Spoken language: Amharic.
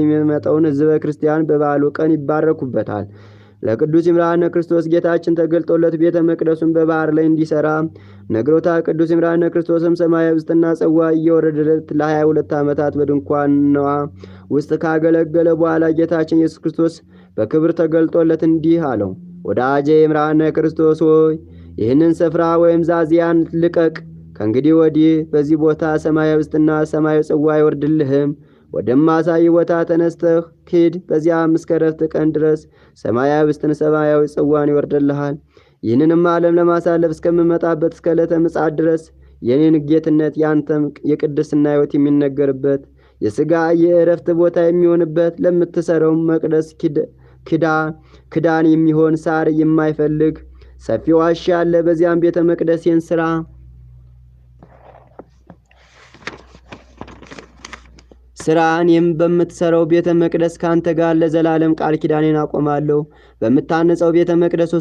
የሚመጣውን ሕዝበ ክርስቲያን በበዓሉ ቀን ይባረኩበታል። ለቅዱስ ይምርሃነ ክርስቶስ ጌታችን ተገልጦለት ቤተ መቅደሱን በባህር ላይ እንዲሠራ ነግሮታ ቅዱስ ይምርሃነ ክርስቶስም ሰማያዊ ውስጥና ጽዋ እየወረደለት ለ22 ዓመታት በድንኳኗ ውስጥ ካገለገለ በኋላ ጌታችን ኢየሱስ ክርስቶስ በክብር ተገልጦለት እንዲህ አለው። ወዳጄ ይምርሃነ ክርስቶስ ሆይ ይህንን ስፍራ ወይም ዛዚያን ልቀቅ። ከእንግዲህ ወዲህ በዚህ ቦታ ሰማያዊ ውስጥና ሰማያዊ ጽዋ አይወርድልህም። ወደማሳይ ቦታ ተነስተህ ሂድ። በዚያም እስከ ዕረፍት ቀን ድረስ ሰማያዊ ውስጥን ሰማያዊ ጽዋን ይወርድልሃል። ይህንንም ዓለም ለማሳለፍ እስከምመጣበት እስከ ዕለተ ምጽአት ድረስ የእኔን ጌትነት ያንተም የቅድስና ሕይወት የሚነገርበት የሥጋ የእረፍት ቦታ የሚሆንበት ለምትሠረው መቅደስ ክዳን የሚሆን ሳር የማይፈልግ ሰፊ ዋሻ አለ። በዚያም ቤተ መቅደሴን ሥራ ሥራህን በምትሰራው ቤተ መቅደስ ካንተ ጋር ለዘላለም ቃል ኪዳኔን አቆማለሁ። በምታነጸው ቤተ መቅደስ